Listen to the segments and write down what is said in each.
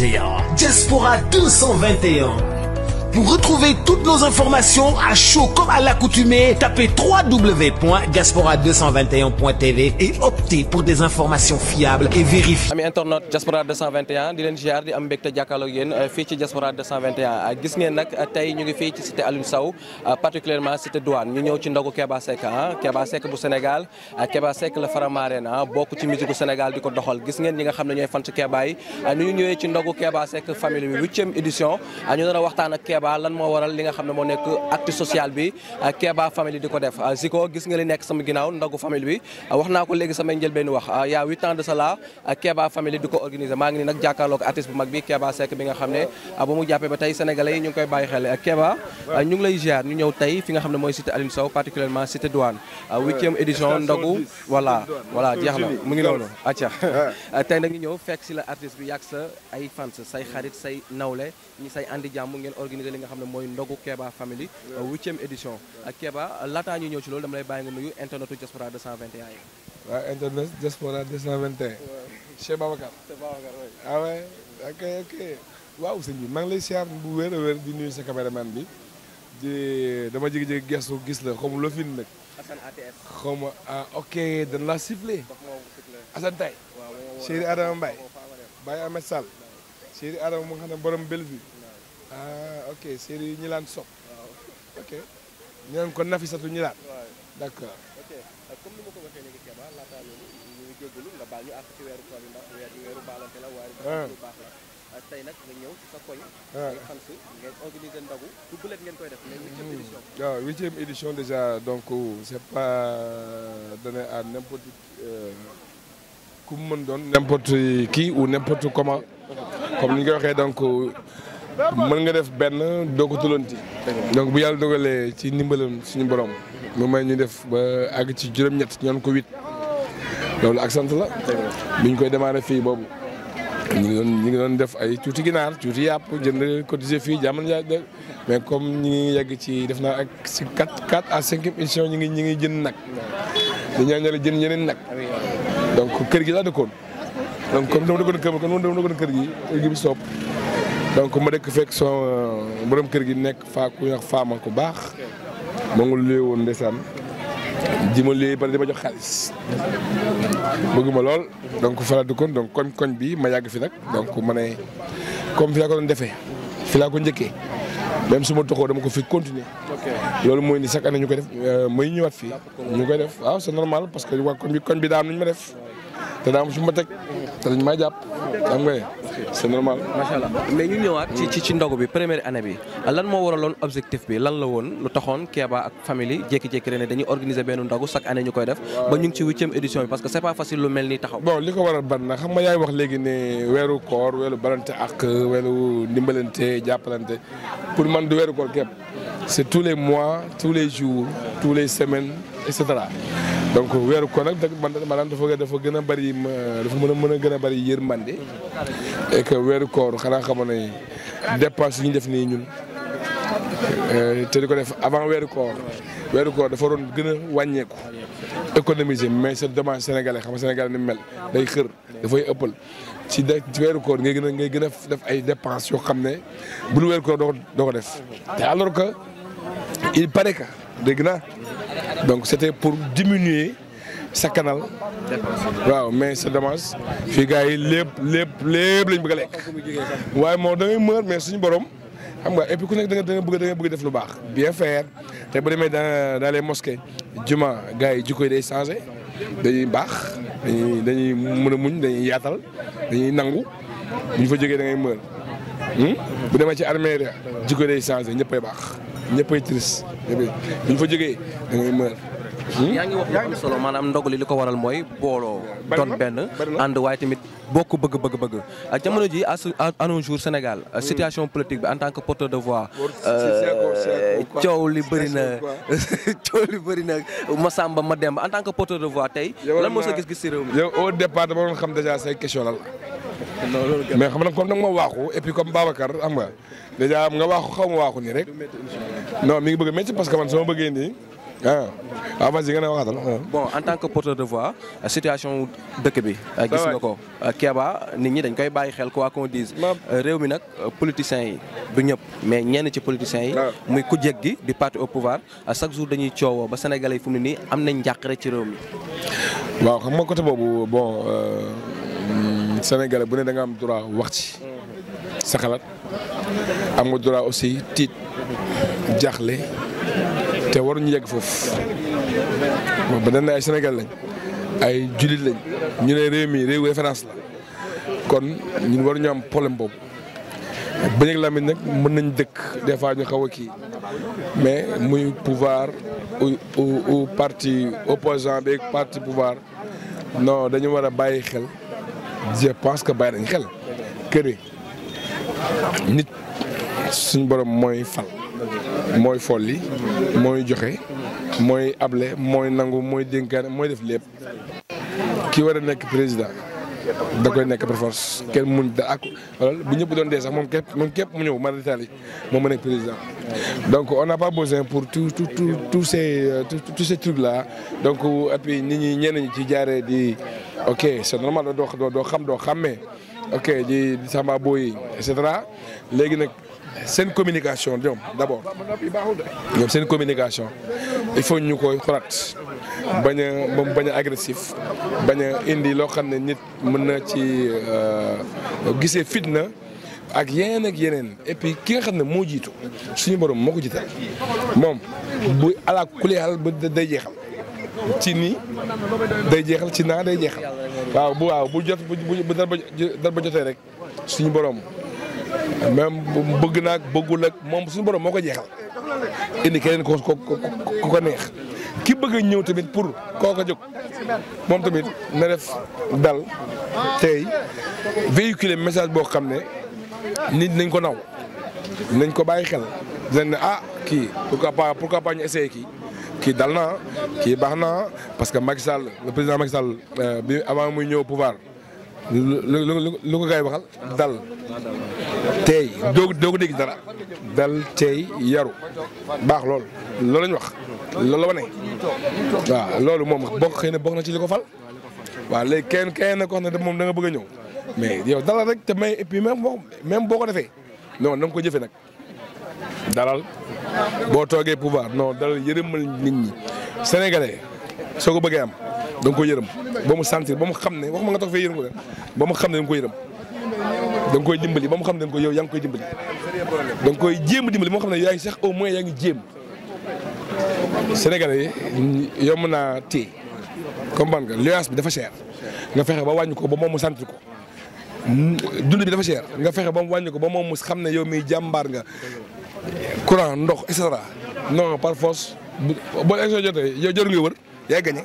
221 Diaspora 221 Pour retrouver toutes nos informations à chaud comme à l'accoutumée, tapez www.diaspora221.tv et optez pour des informations fiables et vérifiées. Ami internaute Diaspora 221 di leen ziar di am mbégte euh, euh, gis ngeen nag euh, tey ñu ngi fii ci cité Alioune Sow particulièrement cité douane ñu ñëw ci ndogu Keba ah, Seck bu Sénégal Keba Seck la Faramareen ah bokk ci musique Sénégal di ko doxal gis ngeen ñi nga xam ne ñooy fan ci Keba yi ñu ñëwee ci ndogu Keba Keba lan moo waral li nga xam ne moo nekk acte social bi Keba famille di ko def ah, Ziko gis nga li nekk sama ginnaaw ndogu famille bi ah, wax naa ko léegi samay njëlbeen wax ah, yaa huit ans de cela Keba famille di ko organiser maa ngi ni nag jàkkaarloog mu na mu ngi noonu acca si la artiste bi yàgg sa ay fans say xarit say ngeen organiser li nga xam ne mooy ndogu Keba Family huitième édition Keba laataa ñu ñëw ci loolu dama lay bàyyi nga nuyu internetu diaspora 221 yi waaw internet diaspora 221 Cheikh Babacar ah waaw sëñ bi maa ngi lay siyaar bu wér bi dama jékki-jékki gestu gis la xaw ma loo fi nag xaw ma ah ok dañ Adama Mbaye Baye Ahmed Sall Chéri Adama mu nga xam ne borom Bellevue ah ok séeréer yi ñu laan sopp waaw ah, ñu laan ko nafisatu ñu laan d' euh, comme waxee léegi Keba laataa loolu ñu ngi jégalu nga baal ah. euh, tey nag nga ñëw sa koñ ah. nga xam si ngeen koy def mais huitième hmm. édition waaw huitième donc c' est pas euh, donné à n'importe ku mu mën doon n'importe qui ou n'importe comment comme ni ñu koy waxee donc mën nga def benn doo ko tulanti donc bu yàlla dogalee ci ndimbalam suñu borom mu may ñu def ba àgg ci juróom-ñett ñaan ko huit loolu ak sant la bi ñu koy démarré fii boobu ñu ngi doon ñu ngi doon def ay tuuti ginaar tuuti yàpp jënd cotiser fii jàmm yaa mais comme ñi ngi yegg ci def naa ak si quatre quatre à cinquième ñu ngi ñu ngi jënd nag di ñaanale jënd yeneen nag donc kër gi laa dëkkoon donc comme dama dëkkoon kër kon moom dama kër gi kër gi bi soob donc ma dëkk fekk son euh, borom kër gi nekk faa ku ñuy wax faama ku baax ma ngi luyee woon ndeysaan ji ma luyee ba di ma jox xaalis bëgguma lool donc fa la dëkkoon donc koñ koñ bi ma yàgg fi nag donc ma ne comme fi laa ko defee fi laa ko njëkkee même su ma toxoo dama ko fi continuer loolu mooy ni chaque année ñu koy def euh, muy ñëwaat fii ñu koy def waaw c'est normal parce que waa koñ bi koñ bi daa am lu ma def te daa am su ma teg te dañ maa jàpp xam nga macha allah mais ñu ñëwaat. ci ci ndogu bi première année bi lan moo waraloon objectif bi lan la woon lu taxoon Keba ak famille jékki-jékki ren dañuy organiser benn ndogu chaque anne ñu koy def. ba ñu ngi ci huitième édition bi parce que c'est pas facile lu mel ni taxaw. bon li ko waral ban na xam nga yaay wax léegi ne weeru koor weeru balante ak weeru ndimbalante jàppalante pour man du weeru koor képp c'est tous les mois tous les jours tous les semaines. et cetera donc weeru ko nag man maanaam dafa dafa gën a bëri dafa mën a mën gën a bari yërmande et que weeru koor xanaa xamoon na dépense yi ñu def nii ñun euh, te di ko def avant weeru koor weeru dafa waroon gën a wàññeeku économiser mais sa demande sénégalais xam nga sénégalais ni mel day xër dafay ëppal ci de ci weeru koor ngay gën a ngay gën a def ay dépenses yoo xam ne bu lu weeru doo ko def te alors que il paraît que dégg naa donc c'était pour diminuer sakkanal waaw mais c'est dommage fii gars yi lépp lépp lépp lañ bëgg a lekk waaye moom da ngay mër mais suñu borom xam nga et ku nekk da nga da nga bëgg da nga def lu baax bien faire te bu demee dans dans les mosquées juma gars yi jikko yi day changé dañuy baax dañuy dañuy a muñ dañuy yaatal dañuy nangu bu ñu fa jógee da ngay mër hmm? bu demee ci armée jikko day changé ñëppay baax ñëpp triste ñëppay bu ñu fa jógee da ngay hmm? solo maanaam ndogu li li ko waral mooy booloo doon benn ànd waaye tamit bokk bëgg bëgg bëgg ah, jamono ji à nos jours Sénégal hmm. situation politique bi en tant que porteur de voix coow li bëri na coow li bëri na porteur de voix tey lan moo sa gis-gis si réew mi yow au départ dama xam déjà say question lan la mais xam nga comme nag ma waaxu et puis comme Babacar xam nga dèjà waaxu xaw ma waaxu nii rek. non mi ngi bëgg a métti parce que man sama bëggee nii. ah ah vas ah. bon en tant que porteur de voix situation dëkk bi. Ah, gis nga ko ah, Kéba nit ñi dañ koy bàyyi xel quoi qu'on dise. Euh, réew mi nag euh, politiciens yi du ñëpp mais ñenn ci politiciens yi. muy ku jeg gi di parti au pouvoir jour dañuy coowoo ba sénégalais yi nii am nañ njàqare ci réew mi. waaw xam nga côté boobu bon. Euh, Sénégalais bu ne da nga am droit wax ci sa xalaat am nga droit aussi tiit jaaxle te waruñu yegg foofu moom ba na ay Sénégal lañ ay jullit lañ ñu ne réew mi réew référence la kon ñu waruñu am polem boobu bañ ak Lamine nag mën nañ dëkk des fois ñu xaw a kii mais muy pouvoir u parti opposant beeg parti pouvoir noo dañu war a bàyyi xel je pense que bàyyi nañ xel que nit suñ borom mooy fal mooy folli mooy joxe mooy able mooy nangu mooy dénkaane mooy def lépp ki war a nekk président da nekk par force kenn muñ da ak bu ñëpp doon dee sax moom képp moom képp mu ñëw man Italie moom ma nekk président donc on n'a pas besoin pour euh, tous tous ces trucs là donc appui nit ñi ñenn ñi ci jaaree di. ok c'est normal doo doo doo xam doo xàmmee ok di di Samba Boy et léegi nag seen communication ñoom d'abord ñoom seen communication il faut ñu koy xoraat bañ a moom bañ a agressif bañ a indi loo xam ne nit mën na ci euh, gisee fitna ak yeneen ak yeneen et puis ki nga xam ne moo jiitu suñu borom moo ko jiital moom bu ala kulli xaal day jeexal. ci nii day jeexal ci naa day jeexal waaw bu waaw bu jot bu dar ba jotee rek suñu boroom même bëgg naa bëggul ak moom suñu borom moo ko jeexal indi keneen ko ko ko neex ki bëgg a ñëw tamit pour kooka jóg moom tamit na def dal tey véhiculer message boo xam ne nit nañ ko naw nañ ko bàyyi xel dinañ ne ah kii pourquoi pas pourquoi pas ñu essayer kii dal na kii baax na parce que Macky Sall le président Macky Sall euh, bi avant muy ñëw pouvoir lu lu ko gay waxal dal tey doo doo ko dégg dal tey yaru baax lool loolu lañ wax loolu la wane waaw loolu moom bokk xëy na bokk na ci ko fal waaw le kenn kenn ne moom da nga bëgg a ñëw mais yow dalal rek te may et puis même boo ko defee non na nga ko jëfee nag dalal boo toogee pouvoir non dalal yërëmal nit ñi sénégalais soo ko bëggee am da nga yërëm boo mu sentir ba mu xam ne wax waxuma nga toog fee yërëm ko de ba mu xam ne da ko yërëm da nga koy dimbali ba mu xam ne da nga koy yow yaa ngi koy dimbali da nga koy jéem dimbali ba mu xam ne yaa ngi sax au moins yaa ngi jéem sénégalais yi yomb naa téye comprendre bi dafa cher nga fexe ba wàññi ko ba moom mu sentir ko dund bi dafa cher nga fexe ba mu wàññi ko ba moom mus xam ne yow miy jàmbaar nga courant ndox et no par force bu boo élection jotee yow jarul nga wër yaay gagné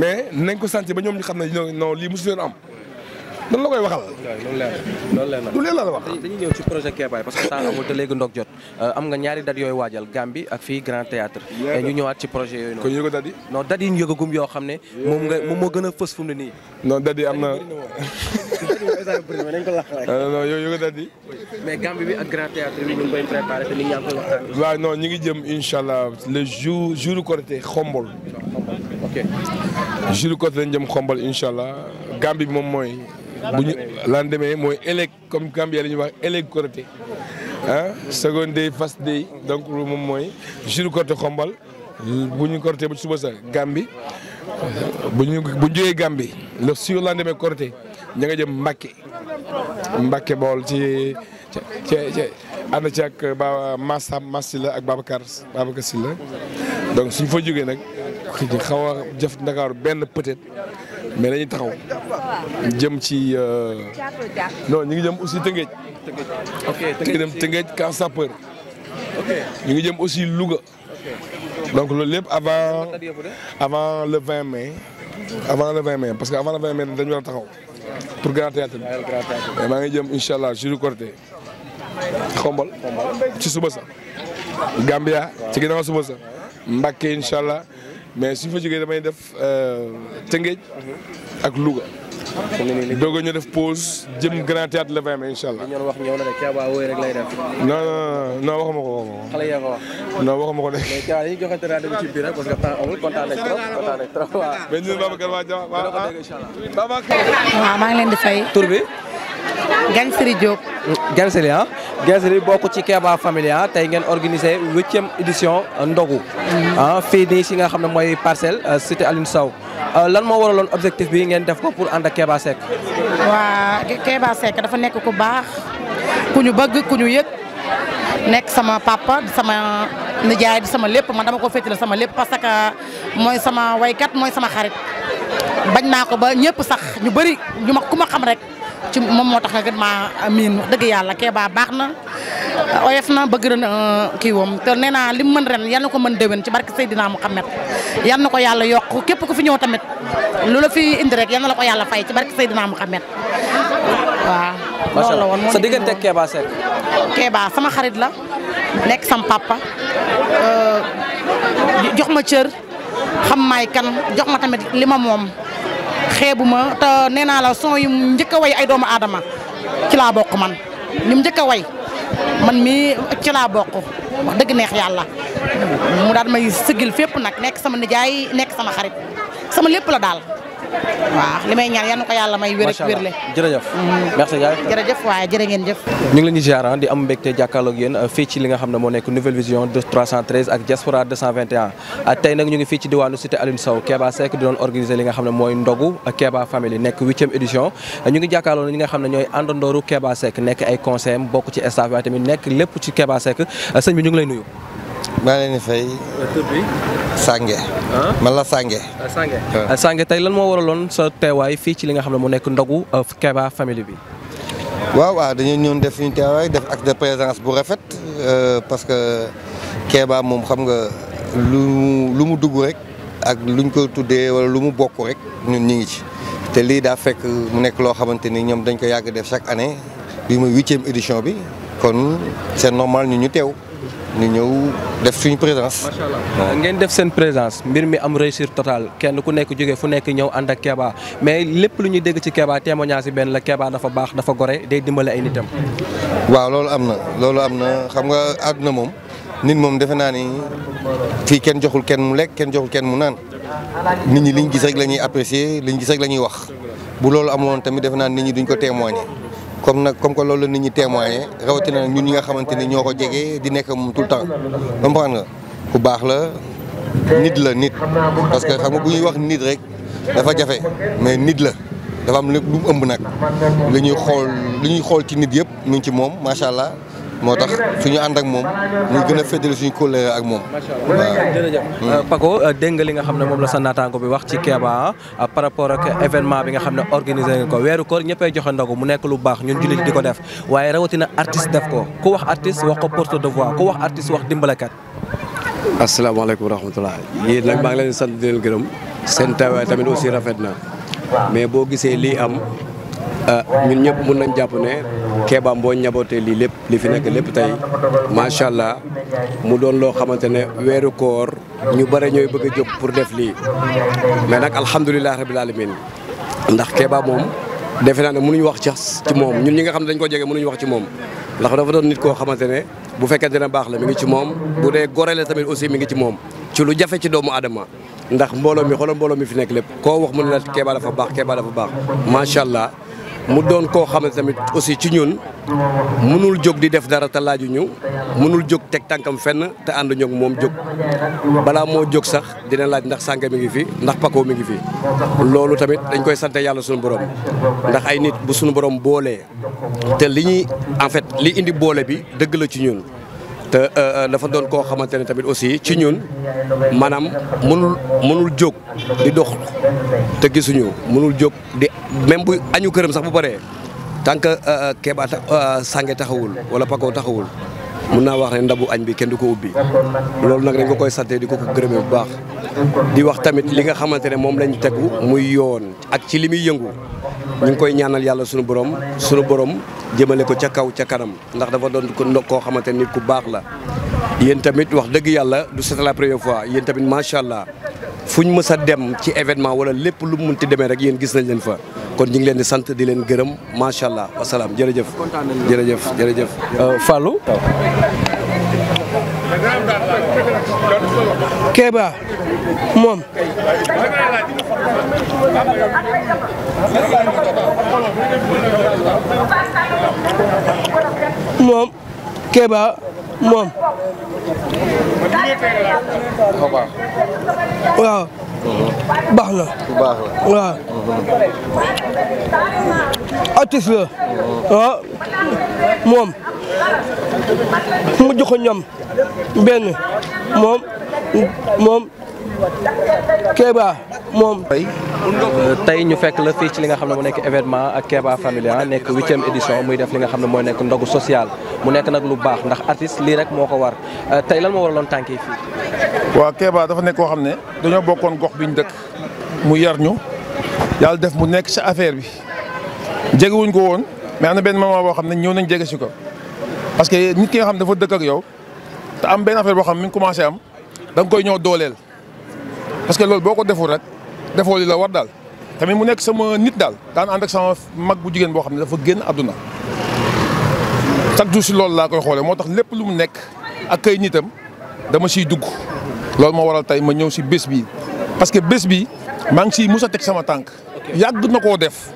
mais nañ ko sentir ba ñoom ñu xam ne non li mosu leen am. dan la koy waxal. loolu leer loolu na du leen la wax. dañuy ñëw ci projet Kébaay parce que temps amul te léegi ndog jot euh, am nga ñaari dat yooyu waajal Gambie ak fii Grand Théâtre ñu ñëwaat ci projet yooyu noonu. kon yëngu dat yi. non dat yi xam ne. moom nga moom moo gën a fës fu mu ne nii. non dat am na. Euh, non yooyu yëngu dat yi. mais Gambie bi ak Grand Théâtre bi ñu ngi ñu ngi jëm incha allah le jour jour Korité xombol. ok jour Korité lañ jëm xombol incha allah Gambie bi moom mooy bu ñu lendemain mooy éleg comme Gambia la ñuy wax éleg Korité ah second day first day donc moom mooy jour Korité xombal bu ñu Korité ba suba sa Gambie bu ñu bu ñu jógee Gambie le sur lendemain Korité ña nga jëm Mbacke Mbacke bool ci ci ci ànd ak ba Massa Massi la ak Babacar Babacar donc suñ fa jógee nag xaw a Ndakaaru benn peut-être mais dañuy taxaw jëm ci euh, non ñu ngi jëm aussi Tëngéej. Tëngéej Tëngéej Camp Sapeur. ñu ngi jëm aussi Louga. donc loolu lépp avant avant le vingt mai. avant le 20 mai parce que avant le 20 mai dañu war a taxaw. pour grand théâtre bi. mais maa ngi jëm incha allah juri corté xombal ci suba sa. Gambia ci ginnaaw suba sa. Mbacké incha allah. mais suñu fa jógee damay def euh, Tëngéej ak Louga. doog a ñu def pause jëm grand théâtre le 20 mai incha wax ñëw na ne rek lay def. non ko waxuma ko. xale yaa wax. non ko de. mais Thiaw yi joxante naa ci biir rek parce ah. fay. tur Gan Siri Diop. Gan Siri ah. bokk ci Keba famille ah tey ngeen organisé huitième édition euh, ndogu. Mm-hmm. ah fii nii si nga xam ne mooy parcelle euh, cité Aline Sow euh, lan moo waraloon objectif bi ngeen def ko pour ànd a Keba Seck. waa Keba Seck dafa nekk ku baax ku ñu bëgg ku ñu yëg nekk sama papa sama nijaay di sama lépp man dama ko féetale sama lépp parce que mooy sama waykat mooy sama xarit bañ naa ko ba ñëpp sax ñu bëri ñu xam rek. ci moom moo tax nag maa wax dëgg yàlla Keba baax na oyof na bëgg na euh, kii woom te nee naa li mu mën ren yal na ko man déwén ci barke Seydina Mouhamed yan na ko yàlla yokk képp ku fi ñëw tamit lu la fi indi rek yal na la ko yàlla fay ci barke Seydina Mouhamed waaw. loolu woon sa diggante Keba Seck. sama xarit la nekk sam papa euh, jox ma cër xam maay kan jox ma tamit lima moom. xeebu ma te nee naa la son yu njëkk a way ay doomu aadama ci laa bokk man ñu njëkk a way man mii ci laa bokk wax dëgg neex yàlla mu daal may sëggil fépp nag nekk sama nijaay nekk sama xarit sama lépp la daal. waaw li may ñaan yal na ko yàlla may. wér ak wérle jërëjëf. Mm. merci gars jërëjëf waaye a ngeen jëf. ñu ngi leen di ah, di am mbégte jàkkaarloog yéen ah, fii ci li nga xam ne moo nekk Nouvelle Vision 313 ak Diaspora 221. Ah, tey nag ñu ngi fii ci diwaanu cité Alioune Sow Kéba Seck di doon organiser li nga xam ne mooy ndogu Kéba Family nekk huitième édition. ñu ngi jàkkaarloo ñi nga xam ne ñooy àndandooru Kéba Seck nekk ay conseil bokk ci staff lépp ci Kéba Seck sëñ bi maa leen di fay. Sange. Ah? man la Sange. Ah, Sange ah. tey lan moo waraloon sa teewaay fii ci li nga xam ne mu nekk ndogu Keba famille bi. waaw waaw dañoo ñëw def suñu teewaay def ak de présence bu rafet euh, parce que Keba moom xam nga lu lu mu dugg rek ak lu luñ koy tuddee wala lu mu bokk rek ñun ñu ngi ci. te lii daa fekk mu nekk loo xamante ni ñoom dañ koy yàgg def chaque année bi mooy huitième édition bi kon c'est normal ñu ñu teew. ñu ñëw def suñu présence. macha ngeen def seen présence mbir mi am réussir totale kenn ku nekk jóge fu nekk ñëw ànd ak Keba mais lépp lu ñuy dégg ci Keba témoignage si benn la Keba dafa baax dafa gore day dimbale ay nitam. waaw loolu am na loolu am na xam nga àdduna moom nit moom defe naa ni fii kenn joxul kenn mu lekk kenn joxul kenn mu naan nit ñi liñ gis rek la ñuy apprécier liñ gis rek la ñuy wax bu loolu amoon tamit defe naa nit ñi duñ ko témoigner. comme nag comme ko loolu la nit ñi témoigné rawatina nag ñu ñi nga xamante ni ñoo ko jegee di nekk moom tout le temps comprendre nga ku baax la nit la nit parce que xam nga bu ñuy wax nit rek dafa jafe mais nit la dafa am lépp lu ëmb nag li ñuy xool lu ñuy xool ci nit yëpp ñu ci moom macha allah. moo tax suñu ànd ak moom ñu gën a féddali suñu kóllëre ak moom waaw jërëjëf hmm. euh, Paco euh, dégg nga li nga xam ne moom la sa naataango bi wax ci Keba euh, par rapport ak événement bi nga xam ne organisé nga ko weeru koor ñëppay joxe ndogu mu nekk lu baax ñun jullit di ko def waaye rawatina artiste def ko ku wax artiste wax ko porte de voix ku wax artiste wax dimbalakat asalaamaaleykum wa rahmatulah yéen nag maa ngi leen sant di leen gërëm seen tawaay tamit aussi rafet na mais boo gisee lii am Ah, ñun ñëpp mun nañ jàpp ne Kéba mboo ñabootee lii lépp li fi nekk lépp tey macha allah mu doon loo xamante ne weeru koor ñu bare ñooy bëgg a pour def lii mais nag alhamdulilah rabil alamin ndax keebaa moom defe naa ne mënuñu wax ci ci moom ñun ñi nga xam ne dañ koo jege mënuñu wax ci moom ndax dafa doon nit koo xamante ne bu fekkente ne baax la mu ngi ci moom bu dee gore la tamit aussi mi ngi ci moom ci lu jafe ci doomu aadama ndax mbooloo mi xoolal mbooloo mi fi nekk lépp koo wax mu ne la Kéba dafa baax Kéba baax macha allah mu doon koo xam ne tamit aussi ci ñun mënul jóg di def dara te laaju ñu mënul jóg teg tànkam fenn te ànd ñoog moom jóg balaa moo jóg sax dina laaj ndax sànga mi ngi fi ndax pakoo mi ngi fi loolu tamit dañ koy sante yàlla suñu borom ndax ay nit bu suñu borom boolee te li ñuy en fait li indi boole bi dëgg la ci ñun te euh, euh, dafa doon koo xamante ne tamit aussi ci ñun maanaam mënul mënul jóg di dox te gisuñu mënul jóg di même bu añu këram sax bu paree tant que euh, Kéba Sange taxawul wala Paco taxawul mun naa wax ne ndabu añ bi kenn du ko ubbi loolu nag dañ ko koy sante di ko ko bu baax di wax tamit li nga xamante ne moom lañ tegu muy yoon ak ci li muy yëngu ñu ngi koy ñaanal yàlla sunu borom sunu borom jëmale ko ca kaw ca kanam ndax dafa doon ko koo xamante ni ku baax la. yéen tamit wax dëgg yàlla du c'est la première fois yéen tamit macha allah fu ñu mës a dem ci événement wala lépp lu mun munti demee rek yéen gis nañ leen fa. kon ñu ngi leen di sant di leen gërëm macha allah wasalaam jërëjëf. jërëjëf jërëjëf. Euh, Fallou. Kéba moom. moom Kéba moom. waaw. baax na. baax na waaw. la. moom. mu jox ñam benn moom moom moom. tey ñu fekk la fii ci li nga xam ne mu nekk événement ak Keba Familia ah, nekk huitième édition muy def li nga xam ne mooy nekk ndogu social mu nekk nag lu baax ndax artiste lii rek moo ko war euh, tey lal moo waraloon tànk yi fii. waaw keebaa dafa nekk koo xam ne dañoo bokkoon gox ñu dëkk mu yar ñu yàlla def mu nekk sa affaire bi jegewuñ ko woon mais am na benn moment boo xam ne ñëw nañ jege si ko parce que nit ki nga xam dafa dëkk ak yow te am benn affaire boo xam mi ngi commencé am da koy ñëw dooleel parce que loolu boo ko deful rek. defoo li la war daal tamit mu nekk sama nit daal daan ànd ak sama mag bu jigéen boo xam ne dafa génn àdduna chaque si loolu laa koy xoolee moo tax lépp lu mu nekk ak kay nitam dama siy dugg loolu moo waral tey ma ñëw si bés bi parce que bés bi maa ngi siy mus a teg sama tànk yàgg na koo def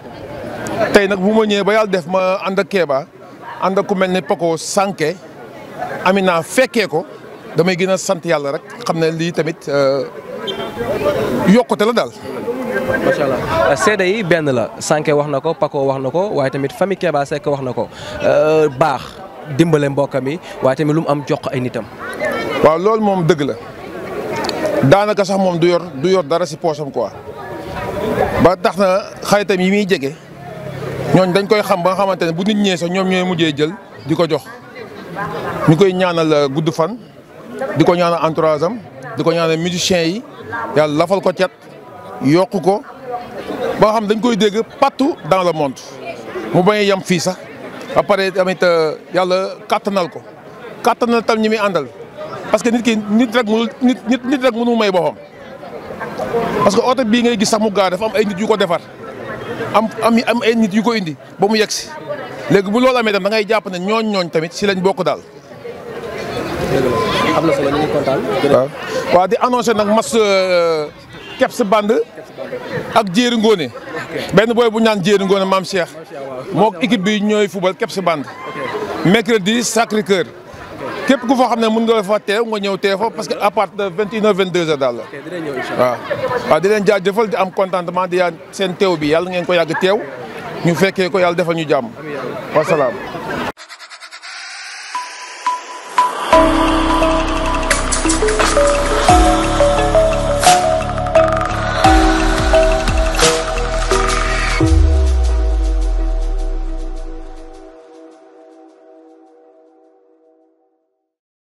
tey nag bu ma ñëwee ba yàlla def ma ànd ak Kéba ànd ak ku mel ne poko Sanke Amina fekkee ko damay gën a sant yàlla rek xam ne lii tamit euh, yokkute la daal. macha euh, yi benn la Sànke wax na ko pako wax na ko waaye tamit famille Keba Seck wax na ko euh, baax dimbale mbokkam mi waaye tamit lu mu am jox ay nitam. waaw loolu moom dëgg la daanaka sax moom du yor du yor dara si poosam quoi ba tax na xaritam yi muy jege ñooñ dañ koy xam ba nga xamante ne bu nit ñee sax ñoom ñooy mujjee jël di ko jox ñu koy ñaanal euh, gudd fan di ko ñaanal entourage di ko ñaanal musiciens yi yàlla lafal ko cat yokk ko ba nga xam dañ koy dégg partout dans le mont mu bañ a yem fii sax ba pare tamit euh, yàlla kattanal ko kattanal tam ñi muy àndal parce que nit ki nit rek mënul nit nit nit rek may boppam parce que oto bii ngay gis sax mu gaar dafa am ay nit yu ko defar am am am ay nit yu ko indi ba mu yegg si léegi bu loolu amee tam da ngay jàpp ne ñooñ ñooñ tamit si lañ bokk daal am na solo ñu ngi kontaan. waaw waaw di annoncé nag mas euh, Kebs Band ak Jéeri Ngóone benn booy bu ñaan Jéeri Ngóone maam Cheikh moo équipe bi ñooy fubal Kebs Band mercredi Sacré Cœur képp ku fa xam ne mën nga fa teew nga ñëw teew fa parce que à partir de vingt une heures vingt deux heures daal la waaw waaw di leen jaajëfal di am contentement di yaa seen teew bi yàlla ngeen ko yàgg teew ñu fekkee ko yàlla defal ñu jàmm wasalaam